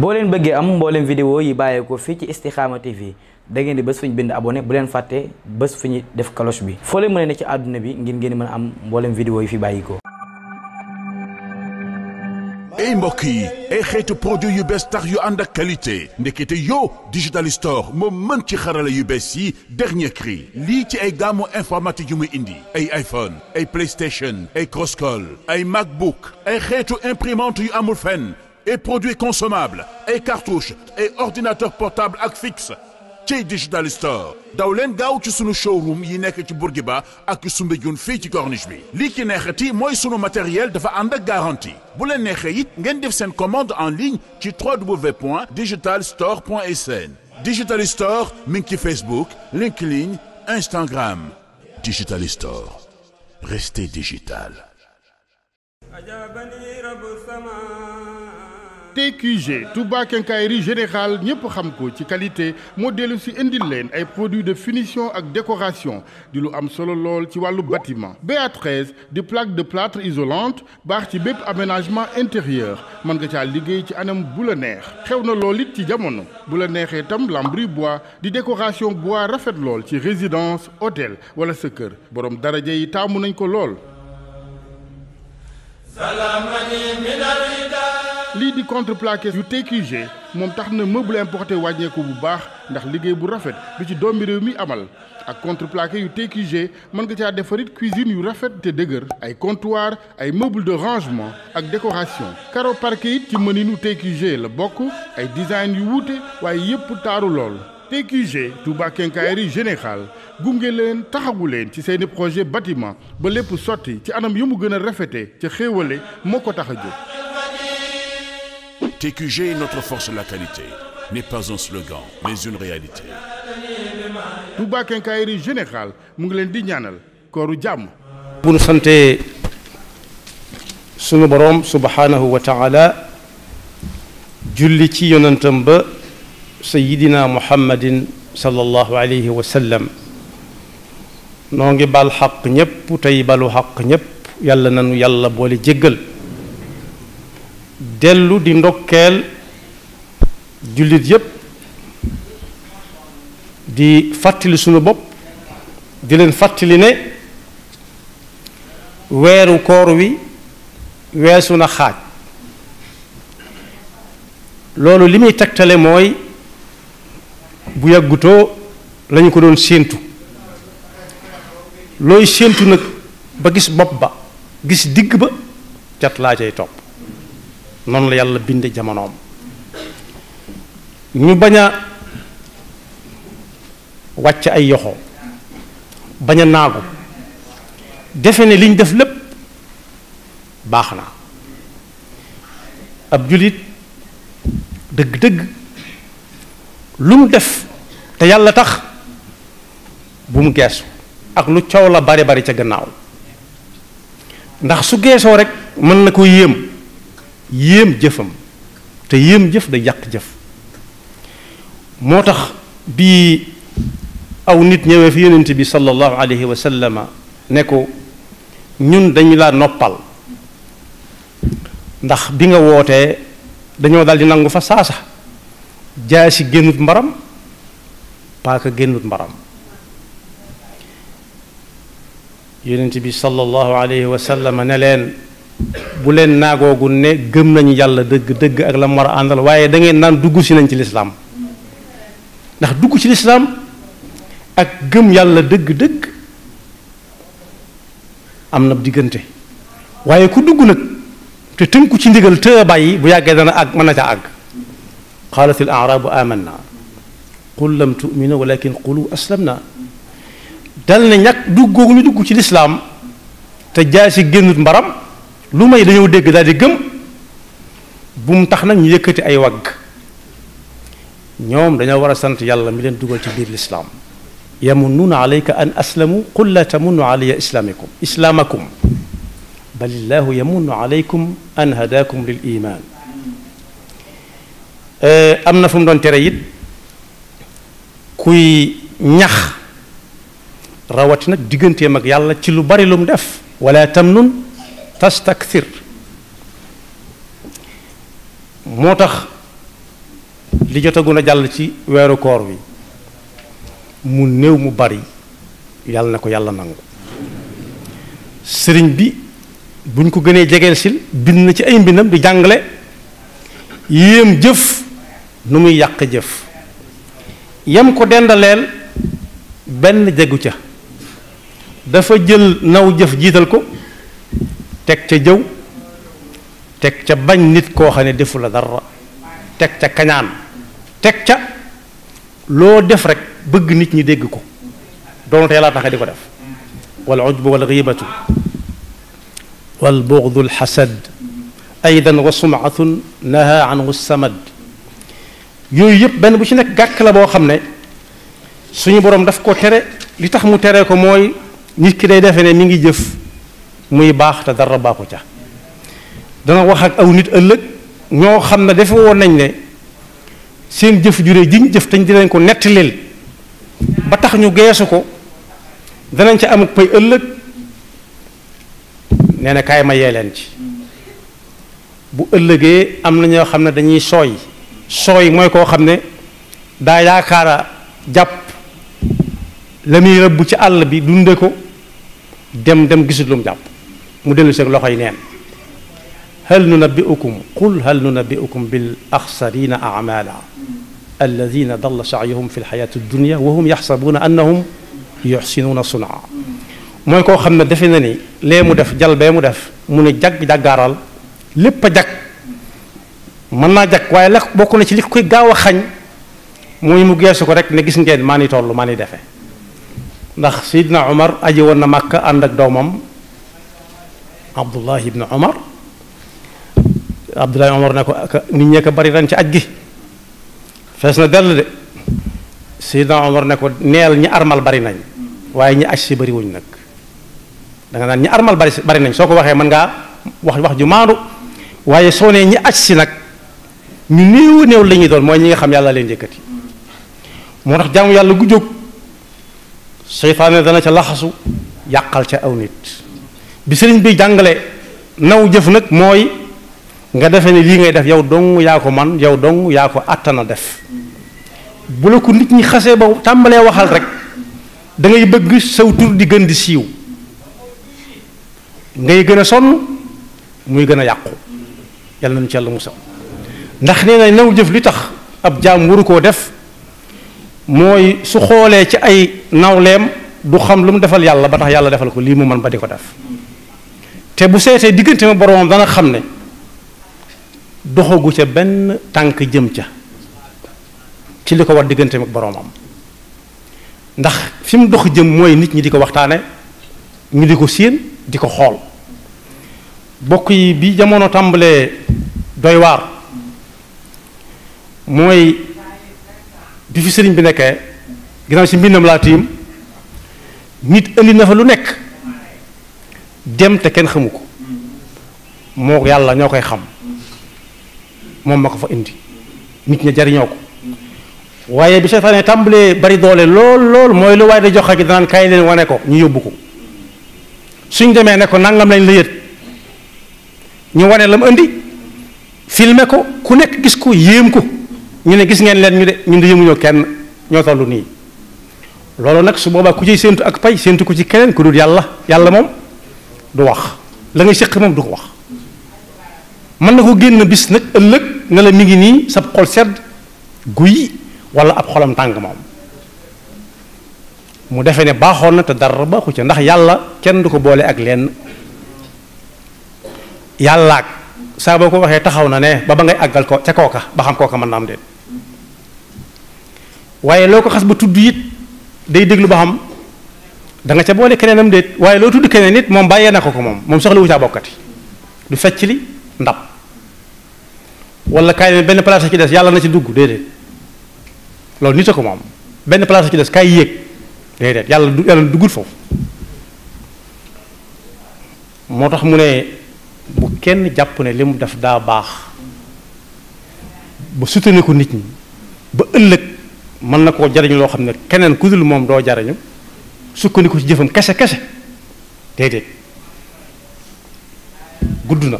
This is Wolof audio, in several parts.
boo leen bëggee am mbooleem vidéo yi bàyyeekoo fii ci Istikhama TV da ngeen di bés fu ñu bind abonné bu leen fàtte bés fu ñu def cloche bi foo leen mën a ci àdduna bi ngir ngeen mën a am mbooleem vidéo yi fi bàyyikoo ay mbokk yi ay xeetu produit yu bees tax yu ànd ak qualité ndekete yow digital store moo mën ci xarala yu bees yi dernier cri lii ci ay gàmmu informatique yu muy indi ay iPhone ay PlayStation ay Crosscall ay MacBook ay xeetu imprimante yu amul fenn et produits consommables ay cartouches ay ordinateur portable ak fixe ci Digital Store daw leen gaaw ci sunu showroom yi nekk ci Bourguiba ak Soumbédioune fii ci corniche bi lii ci neexati mooy sunu matériel dafa ànd garanti garantie bu leen neexee it ngeen def seen commande en ligne ci www.digitalstore.sn Digital Store mi ngi ci Facebook LinkedIn Instagram Digital Store restez digital TQG Touba Quincaillerie Générale ñëpp xam ko ci qualité moo dellu si indil leen ay produits de finition ak décoration di lu am solo lool ci wàllu bâtiment BA13 di plaque de plâtre isolante baax ci bépp aménagement intérieur mën nga caa liggéey ci anam bu la neex xew na lool it ci jamono bu la neexee tam lambris bois di décoration bois rafet lool ci résidence hôtel wala sa kër borom daraja yi taamu nañ ko lool. lii di contreplaqué yu TQG moom tax na meuble importé wàññeeku bu baax ndax liggéey bu rafet bi ci doomi réew mi amal ak contreplaqué yu TQG mën nga caa defarit cuisine yu rafet te dëgër ay comptoir ay meuble de rangement ak décoration carreau parquet it ci mëninu TQG la bokk ay design yu wuute waaye yépp taaru lool TQG Touba Quincaillerie Générale gunge leen taxawu leen ci seeni projet bâtiment ba lépp sotti ci anam yu mu gën a rafete ca xéewale moo ko tax a jóg TQG, notre force, la qualité, mu ngi leen di ñaanal kooru jàmm. sunu boroom subhaanahu wa taala julli ci yonantam ba sayidina muhammadin sallallahu alayhi wa sallam noo ngi bal xaq ñépp tey balu xaq ñépp yàlla nanu yàlla boole jéggal. dellu di ndokkeel jullit yépp di fàttali sunu bopp di leen fàttali ne weeru koor wi weesu na xaaj loolu li muy taktale mooy bu yàggutoo lañu ko doon séentu looy séentu nag ba gis bopp ba gis digg ba cat laa cay topp noonu la yàlla binde jamonoom ñu baña wàcc ay yoxo baña a naagu defe ne liñ def lépp baax na ab jullit dëgg-dëgg lu mu def te yàlla tax bu mu geesu ak lu coow la bari bari ca gannaaw ndax su geesoo rek mën na ko yéem yéem jëfam te yéem jëf de jàq jëf moo tax bii aw nit ñëwee fi yonent bi sallallahu alayhi wa sallama ne ko ñun dañu laa noppal ndax bi nga wootee dañoo daal di nangu fa saasa jaasi génnut mbaram paaka génnut mbaram yonent bi sallallahu alayhi wa sallama ne leen bu leen naagoogu ne gëm nañu yàlla dëgg dëgg ak la mu waaye da ngeen naan dugg si nañ ci lislaam ndax dugg ci lislaam ak gëm yàlla dëgg dëgg am na diggante waaye ku dugg nag te tënku ci ndigal te bàyyi bu yàggee dana àgg mën na ca àgg qaalat al arabu amanna qul lam tuminu walakin qulu aslamna dal ne ñàkk dugg googu ñu dugg ci lislaam te jaay si génnut mbaram lu may dañoo dégg daal di gëm bu mu tax nag ñu yëkkati ay wagg ñoom dañoo war a sant yàlla mi leen dugal ci biir lislaam yamunuuna alayka an aslamu qul la tamunu alayya islaamikum islaamakum bal illaahu yamunu alaykum an hadaakum lil iman eh, am na fu doon tere it kuy ñax rawatina digganteem ak yàlla ci lu bari lu mu def wala tamnun tastakthir moo tax li jotagun a jàll ci weeru koor wi mu néew mu bari yàlla na ko yàlla nangu sëriñ bi buñ ko gënee jegeel sil bind na ci ay mbindam di jàngale yéem jëf nu muy yàq jëf yam ko dendaleel benn jegu ca dafa jël naw jëf jiital ko teg ca jëw teg ca bañ nit koo xam ne defu la dara teg ca kañaan teg ca loo def rek bëgg nit ñi dégg ko doonte yàlla tax di ko def wal ujbu wal ghibatu wal bughdu al hasad aydan wa sumatun naha anhu samad yooyu yëpp benn bu ci nekk gàkk la boo xam ne suñu boroom daf ko tere li tax mu teree ko mooy nit ki day defe ne mi ngi jëf muy baax te dara baaxu ca dana wax ak aw nit ëllëg ñoo xam ne defe woon nañ ne seen jëf jure jiñ jëf tañ dinañ ko nettalil ba tax ñu geesu ko danañ ca am ak ëllëg nee na kaay ma yee leen ci bu ëllëgee am na ñoo xam ne dañuy sooy sooy mooy koo xam ne daa yaakaara jàpp la muy rëbb ci àll bi dunde ko dem dem gisul lum jàpp mu dellu seen loxoy neen hal nunabbiukum qul hal nunabbiukum bil axsarina amala alladina dalla saayuhum fi lxayaati dunia wa hum yaxsabuuna annahum yuxsinuuna sunaa mooy koo xam ne defe na ni lee mu def jal bee mu def mu ne jag jaggaaral lépp a jag mën naa jag waaye la bokk na ci li koy gaaw a xañ mooy mu geesu ko rek ne gis ngeen maa ni toll maa ni defe ndax Seydina Omar aji woon na Màkka ànd ak doomam abdullah ibn omar abdullah omar ne ko nit ñee ko bari nañ ci aj gi fees na dell de seydna omar ne ko neel ñi armal bari nañ waaye ñi aj si bari wuñ nag da nga naan ñi armal bari nañ soo ko waxee mën ngaa wax wax ju maandu waaye soo nee ñi aj si nag ñu néew néew la doon mooy ñi nga xam yàlla leen yëkkati moo tax jaamu yàlla gu jóg seytaane dana ca laxasu yàqal ca aw nit bi sëriñ bi jàngale naw jëf nag mooy nga defee ne lii ngay def yow dong yaa ko man yow dong yaa ko àttana def bu la ko nit ñi xasee ba tàmbalee waxal rek dangay bëgg saw tur di gën di siiw ngay gën a sonn muy gën a yàqu yàlla nañu lu mu musal ndax nee na naw jëf li tax ab jaam waru koo def mooy su xoolee ci ay nawleem du xam lu mu defal yàlla ba tax yàlla defal ko lii mu man ba di ko def te bu seetee diggante ma boromam dana xam ne doxagu ca benn tànk jëm ca ci li ko war diggante ma boromam ndax fi dox jëm mooy nit ñi di ko waxtaane ñu di ko séen di ko xool bokk yi bi jamono tàmbalee doy waar mooy bi fi sëriñ bi nekkee ginnaaw si mbindam laa tiim nit indi na fa lu nekk dem te kenn xamu ko moo yàlla ñoo koy xam moom ma ko fa indi nit ña jariñoo ko waaye bi seytaane tàmbalee bari doole lool lool mooy lu waaye da jox ak danaan kaay leen wane ko ñu yóbbu ko suñ demee ne ko nangam lañ la yët ñu wane la mu indi filmé ko ku nekk gis ko yéem ko ñu ne gis ngeen leen ñu de ñun de yéemuñoo kenn ñoo tollu nii loolu nag su boobaa ku ciy séentu ak pay séentu ko ci keneen ku dul yàlla yàlla moom du wax la ngay séq moom du ko wax mën na ko génn bis nag ëllëg ne la mi ngi nii sab xol sedd guy wala ab xolam tàng moom mu defee ne baaxoon na te dara baaxu ca ndax yàlla kenn du ko boole ak lenn yàllaak saa boo ko waxee taxaw na ne ba ba ngay àggal ko kaw ka ba xam kooka mën na am déet waaye loo ko xas ba tudd it day déglu ba xam da nga ca boole keneenam déet waaye loo tudd keneen nit moom bàyyee na ko ko moom moom soxla wu caa bokkati du fecc li ndab wala kaay benn place ci des yàlla na ci dugg déedéet loolu nit a ko moom benn place ci des kaay yéeg déedéet yàlla du yàlla foofu moo tax mu ne bu kenn jàpp ne li mu def daa baax ba sutane ko nit ñi ba ëllëg mën na koo jariñ loo xam ne keneen ku dul moom doo jariñu sukkandiku ci jëfam kese kese déedéet gudd na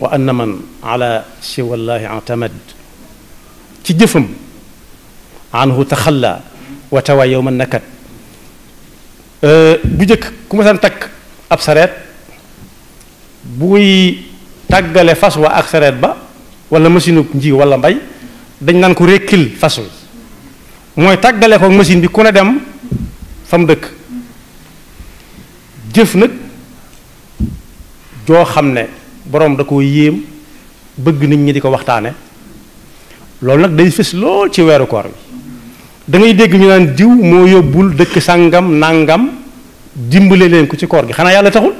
wa anna man ala siwallaahi atamad ci jëfam anhu taxalla wa tawa yow man nakat bu njëkk ku ma takk ab sareet buy tàggale fas wa ak sareet ba wala machine nji wala mbay dañ naan ko rékkil fas wi mooy tàggale ko machine bi ku ne dem fa mu dëkk jëf nag joo xam ne boroom da ko yéem bëgg nit ñi di ko waxtaane loolu nag day fës lool ci weeru koor bi da ngay dégg ñu naan diw moo yóbbul dëkk sangam nangam dimbale leen ko ci koor gi xanaa yàlla taxul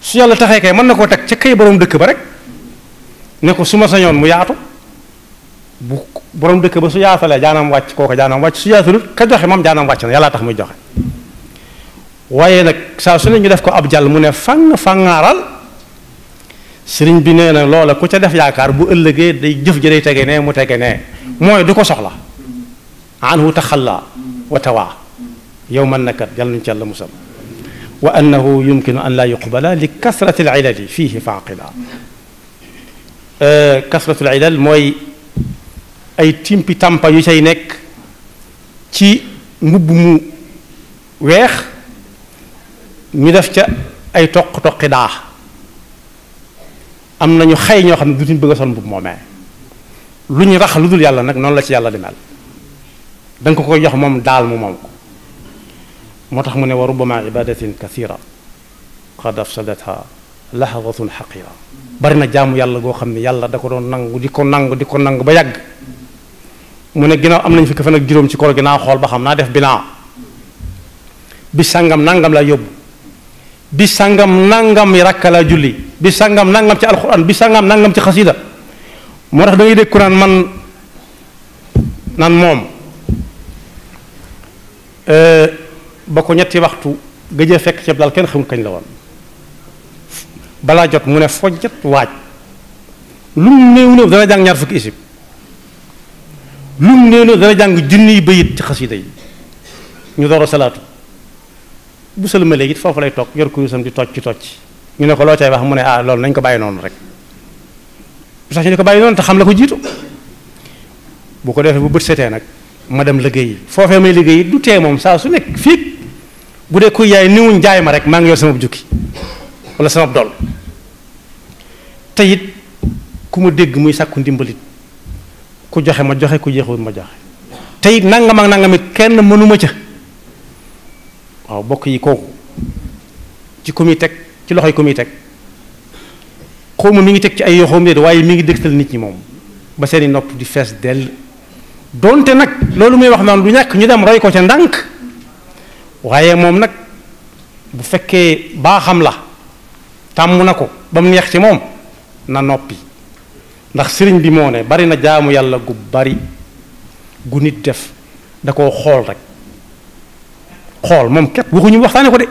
su yàlla taxee kay mën na ko teg ca kay boroom dëkk ba rek ne ko su ma sañoon mu yaatu bu boroom dëkk ba su yaatalee jaanam wàcc kooka jaanam wàcc su yaatalut ka joxe moom jaanam wàcc na yàllaa tax muy joxe waaye nag saa su ne ñu def ko ab jàll mu ne fang fangaaral sëriñ bi nee na loola ku ca def yaakaar bu ëllëgee day jëf ji day tege nee mu tege ne mooy du ko soxla anhu taxalla wa tawaa yow man nakat yàlla nañu ci yàlla musal wa annahu yumkinu an laa yuqbala li kasrati al ilali fiihi faaqila kasratu al ilal mooy ay timpi tampa yu cay nekk ci mbubb mu weex ñu def ca ay toq toqi daa am na ñu xay ñoo xam ne dutuñ bëgg a sol mbub moomee lu ñu rax lu dul yàlla nag noonu la ci yàlla di mel da ko koy jox moom daal mu moom ko moo tax mu ne wa rubbama ibadatin kathira qad afsadatha lahadatun xaqira bari na jaamu yàlla goo xam ne yàlla da ko doon nangu di ko nangu di ko nangu ba yàgg mu ne ginnaaw am nañ fukki fan ak juróom ci koor gi naa xool ba xam naa def binaa bi sàngam nangam laa yóbbu bi sangam nangam rakka laa julli bi sangam nangam ci alxuraan bi sangam nangam ci xasida moo tax da ngay dégg naan man naan moom euh, ba ko ñetti waxtu gëjee fekk ceeb daal kenn xamul kañ la woon balaa jot mu ne fojjat waaj lu mu néew néew dana jàng ñaar fukki isib lu mu néew néew dana jàng junniy bayit ci xasida yi ñu door a salaatu bu sëlma léegi foofu lay toog yor kurusam di tocc ci ñu ne ko loo cay wax mu ne ah loolu nañ ko bàyyi noonu rek sax ñu ne ko bàyyi noonu te xam la ko jiitu bu ko defee bu bët setee nag ma dem liggéey yi foofee may liggéey moom saa su nekk bu dee kuy yaay niwuñ jaay rek maa ngi yor sama jukki wala sama dol te it ku ma dégg muy sàkku ndimbalit ku joxe ma joxe ku jeexul ma joxe te it nangam ak nangamit kenn mënuma ca waaw bokk yi kooku ci ku muy teg ci loxo ku muy teg xaw ma ngi teg ci ay yoxoom de waaye mi ngi dégtal nit ñi moom ba seeni nopp di fees dell donte nag loolu muy wax naan du ñàkk ñu dem roy ko ca ndànk waaye moom nag bu fekkee baaxam la tàmm na ko ba mu neex ci moom na noppi ndax sëriñ bi moo ne bari na jaamu yàlla gu bari gu nit def da koo xool rek xool moom képp waxuñu waxtaane ko de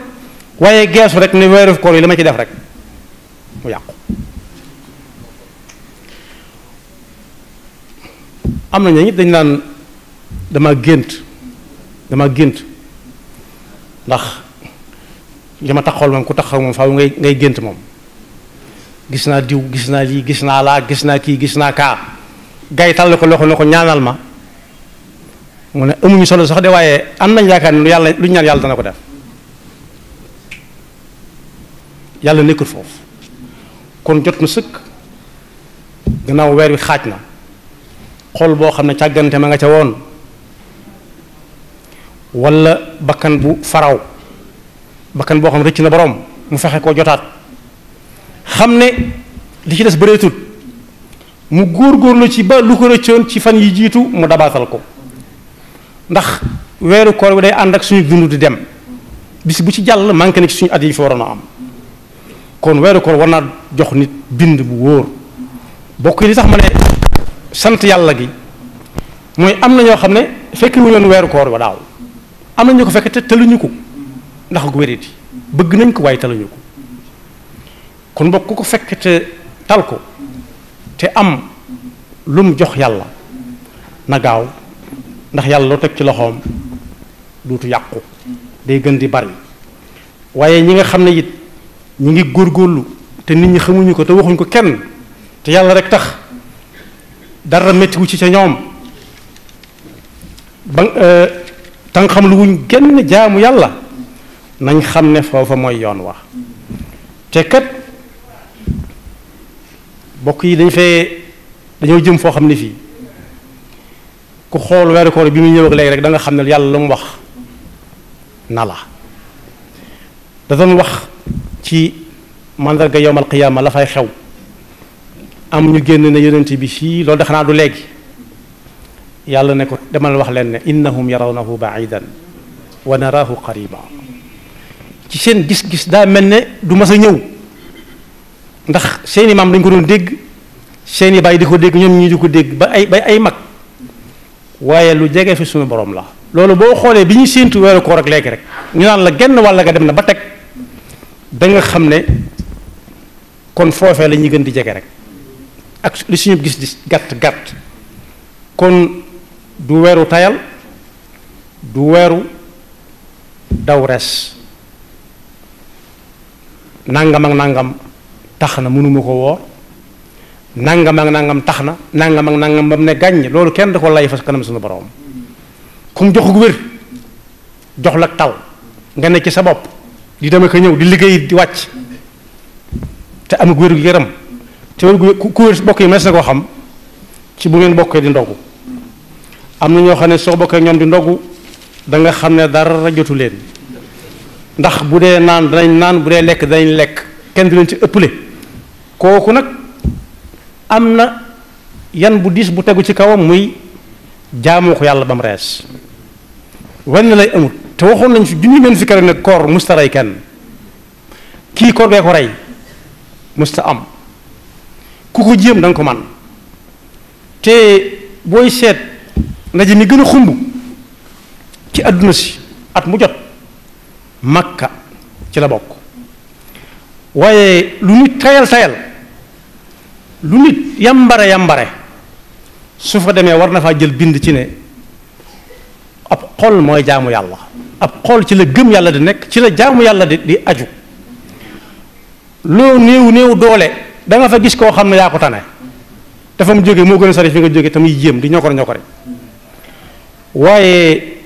waaye geesu rek ne weeru koor yi la ma ci def rek mu yàqu am na ñëpp dañ naan dama gént dama gént ndax li ma taxawal moom ku taxaw moom faaw ngay ngay gént moom gis naa diw gis naa lii gis naa laa gis naa kii gis naa kaa gay tàll ko loxo na ko ñaanal ma mu ne amuñu solo sax de waaye am nañ yaakaar ne lu yàlla lu ñu ñaan yàlla dana ko def yàlla nekkul foofu kon jot na sëkk gannaaw weer wi xaaj na xol boo xam ne càggante ma nga ca woon wala bakkan bu faraw bakkan boo xam ne rëcc na boroom mu fexe koo jotaat xam ne li ci des bëreetut mu góor góorlu ci ba lu ko rëccoon ci fan yi jiitu mu dabaatal ko ndax weeru koor bi day ànd ak suñu dund di dem bis bu ci jàll manqué na ci suñu at yi fi waroon a am kon weeru koor war naa jox nit bind bu wóor bokk yi li tax ma ne sant yàlla gi mooy am na ñoo xam ne fekk wuñu woon weeru koor ba daaw am na ñu ko fekk te ko ndax ak bëgg nañ ko waaye taluñu kon bokk ko fekk te tal ko te am lu jox yàlla na gaaw ndax yàlla loo teg ci loxoom duutu yàqu day gën di bari waaye ñi nga xam ne it ñi ngi góor góorlu te nit ñi xamuñu ko te waxuñ ko kenn te yàlla rek tax dara méttiwu ci ca ñoom ba euh, tan xam lu wuñ genn jaamu yàlla nañ xam ne foofa mooy yoon wa te kat bokk yi dañ fee dañoo jëm foo xam ne fii ku xool weeru koor bi muy ñëw ak rek danga xam ne yàlla lu mu wax na da doon wax ci mandarga yowmal qiyaama la fay xew am ñu génn ne yonent bi sii loolu de naa du léegi yàlla ne ko demal wax leen ne innahum yarawnahu baidan wa naraahu qariba ci seen gis-gis daa mel ne du mas a ñëw ndax seeni maam dañ ko doon dégg seeni baay di ko dégg ñoom ñu di ko dégg ba ay ba ay mag waaye lu jege fi sunu borom la loolu boo xoolee bi ñu séentu weeru ko rek léegi rek ñu naan la genn wàll nga dem na ba teg danga xam ne kon foofee lañuy gën di jege rek ak li suñu gis di gàtt gàtt kon du weeru tayal du weeru daw res nangam ak nangam tax na mënuma ko woor nangam ak nangam tax na nangam ak nangam ba mu ne gàññ loolu kenn da ko lay fas kanam suñu borom ku mu jox gu wér jox la taw nga ne ci sa bopp di dem ak a ñëw di liggéey di wàcc te amug wér gu yaram te wér gu ku wér bokk yi mees na koo xam ci bu ngeen bokkee di ndogu am na ñoo xam ne soo bokkee ñoom di ndogu da nga xam ne dara jotu leen ndax bu dee naan danañ naan bu dee lekk danañ lekk kenn du leen ci ëpple kooku nag am na yan bu diis bu tegu ci kawam muy jaamoo ko yàlla ba mu rees wane na lay amut te waxoon nañ fi junni leen fi kare ne koor musta rey kenn kii koor gee ko rey musta am ku ko jéem da ko man te booy seet ndaje mi gën a xumb ci àdduna si at mu jot makka ci la bokk waaye lu nit tayal tayal lu nit yambare yambare su fa demee war na faa jël bind ci ne ab xol mooy jaamu yàlla ab xol ci la gëm yàlla di nekk ci la jaamu yàlla di di aju loo néew néew doole da fa gis koo xam ne yaa ko tane dafa mu jóge moo gën a sori fi nga jóge te muy yéem di ñokor ñokore waaye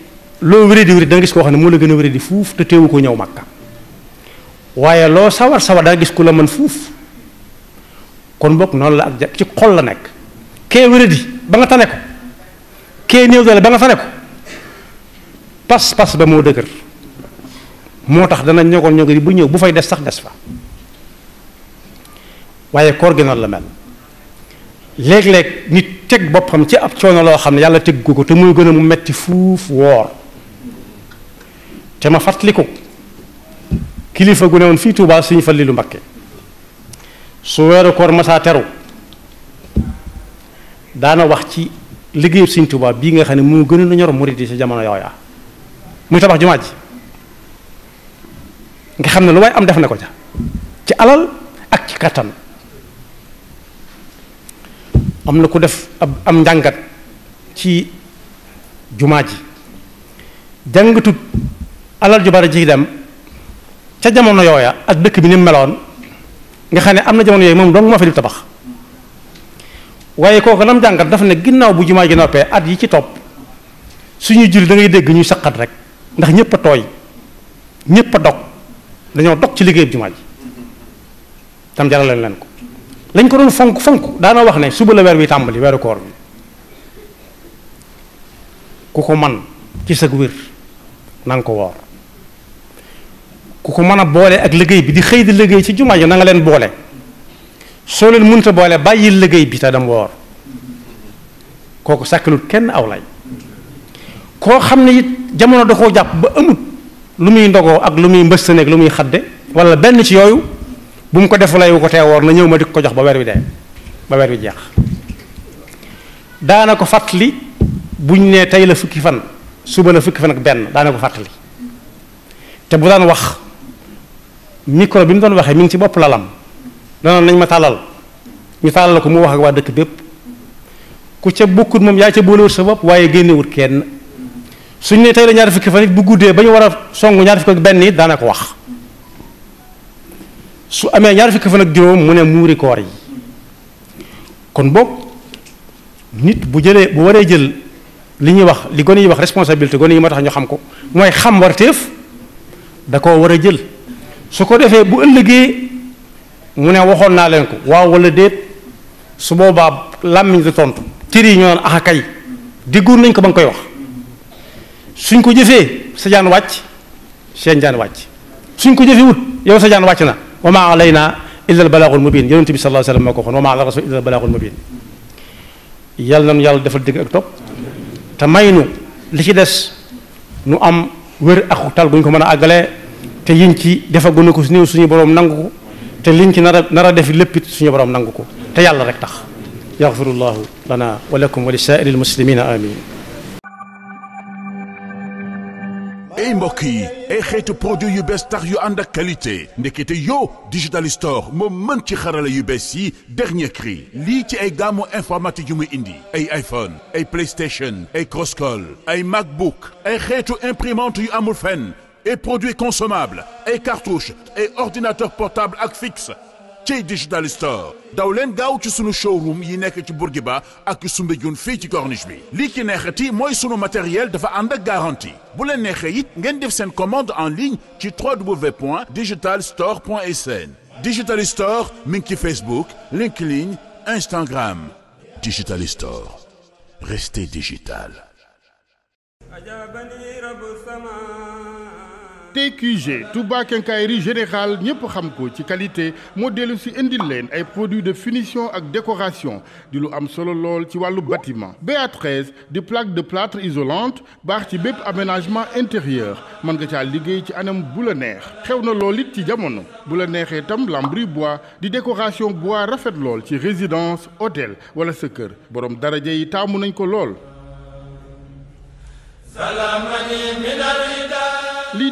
loo wéré di wéré da gis koo xam ne moo la gën a wéré di fuuf te teewu ko ñëw Makka waaye loo sawar sawar da gis ku la mën fuuf kon bokk noonu la ak ci xol la nekk kee wéradi ba nga tane nekk kee néew doole ba nga tane ko pas pas ba moo dëgër moo tax dana ñogoon ñogoon bu ñëw bu fay des sax des fa waaye koor gi la mel léeg-léeg nit teg boppam ci ab coono loo xam ne yàlla teg ko te muy gën mu metti fuuf woor te ma fàttaliku kilifa gu ne woon fii Touba suñu fa li lu Mbakke su weeru koor masaa teru daana wax ci liggéeyu Sëriñ Tuubaa bii nga xam ne moo gën a ñor murid yi ci jamono yooya muy tabax jumaa ji nga xam ne lu waay am def na ko ca ci alal ak ci kattan am na ku def ab am njàngat ci jumaa ji jàngatut alal ju bari ji dem ca jamono yooya ak dëkk bi ni meloon nga xam ne am na jamono yooyu moom doom moo fa di tabax waaye kooku nam jàngat dafa ne ginnaaw bu jumaa ji noppee at yi ci topp suñuy julli dangay dégg ñuy saqat rek ndax ñëpp a tooy ñëpp a dog dañoo dog ci liggéeyub jumaa ji tam jarale leen ko lañ ko doon fonk fonk daana wax ne suba la weer wi tàmbali weeru koor bi ku ko man ci sag wér na nga ko woor ku ko mën a boole ak liggéey bi di xëy di liggéey ci jumaa yi na leen boole soo leen mënta boole bàyyil liggéey bi te dam woor kooku sàkkalul kenn aw lay koo xam ne it jamono da koo jàpp ba amut lu muy ndogoo ak lu muy mbëstaneeg lu muy xadde wala benn ci yooyu bu mu ko defu lay wu ko tee woor na ñëw ma dikk ko jox ba weer wi dee ba weer wi jeex daanako ko fàttali buñ ne tey la fukki fan suba la fukki fan ak benn daana ko fàttali te bu daan wax micro bi mu doon waxee mi ngi ci bopp lalam danoon nañ ma tàllal ñu tàllal ko mu wax ak waa dëkk bépp ku ca bokkut moom yaa ca boolewut sa bopp waaye génnewut kenn suñ ne tey la ñaar fukki fa it bu guddee ba ñu war a songu ñaar fukki ak benn it daana ko wax su amee ñaar fukki fan ak juróom mu ne muuri koor yi kon boog nit bu jëlee bu waree jël li ñuy wax li gone yi wax responsabilité gone yi moo tax ñu xam ko mooy xam warteef da koo war a jël su ko defee bu ëllëgee mu ne waxoon naa leen ko waaw wala déet su boobaa làmmiñ di tontu cër yi ñoo naan axa ah kay déggoon nañ ko ba nga koy wax suñ ko jëfee sa jaan wàcc seen jaan wàcc suñ ko jëfee wut yow sa jaan wàcc na wa maa alaynaa illa al balaagul mubiin yonent bi sallallaahu alayhi wa ko waxoon wa maa ala rasul illa al balaagul mubiin yàlla nañu yàlla defal dégg ak topp te may nu li ci des nu am wér ak tal gu ñu ko mën a àggalee te yiñ ci defaguna ko néew suñu borom nangu ko te liñ ci nar a nar a def léppit suñu borom nangu ko te yàlla rek tax yaxfirullahu lana wa lakum wa li saa'iril muslimina amin ay mbokk yi ay xeetu produit yu bees tax yu ànd ak qualité ndekete yow digital store moo mën ci xarala yu bees yi dernier cri lii ci ay gàmmu informatique yu muy indi ay iPhone ay PlayStation ay Crosscall ay MacBook ay xeetu imprimante yu amul fenn et produits consommables ay cartouches et ordinateur portable ak fixe ci Digital Store daw leen gaaw ci sunu showroom yi nekk ci Bourguiba ak Soumbédioune fii ci corniche bi lii ci neexati mooy sunu matériel dafa ànd ak garantie bu leen neexee it ngeen def seen commande en ligne ci www.digitalstore.sn Digital Store mi ngi ci Facebook LinkedIn Instagram Digital Store restez digital TQG Touba Quincaillerie Générale ñëpp xam ko ci qualité moo dellu si indi leen ay produits de finition ak décoration di lu am solo lool ci wàllu bâtiment BA13 di plaque de plâtre isolante baax ci bépp aménagement intérieur mën nga caa liggéey ci anam bu la neex xew na lool it ci jamono bu la neexee itam lambris bois di décoration bois rafet lool ci résidence hôtel wala sa kër borom daraja yi taamu nañ ko lool.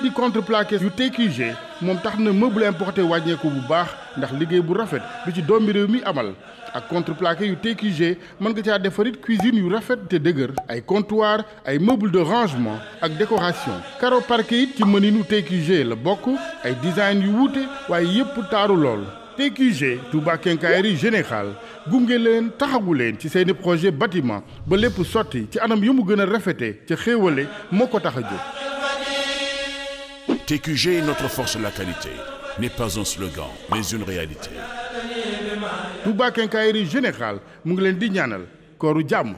lii di contreplaqué yu TQG moom tax na meuble importé wàññeeku bu baax ndax liggéey bu rafet bi ci doomi réew mi amal ak contreplaqué yu TQG mën nga caa defarit cuisine yu rafet te dëgër ay comptoir ay meuble de rangement ak décoration caro parquet it ci mëninu TQG la bokk ay design yu wuute waaye yëpp taaru lool TQG Touba Quincaillerie Générale gunge leen taxawu leen ci seeni projet bâtiment ba lépp sotti ci anam yu mu gën a rafete ca xéewale moo ko tax a jóg TQG, notre force, la qualité, n'est pas un slogan, mais une réalité. Touba Quincaillerie Générale mu ngi leen di ñaanal kooru jàmm.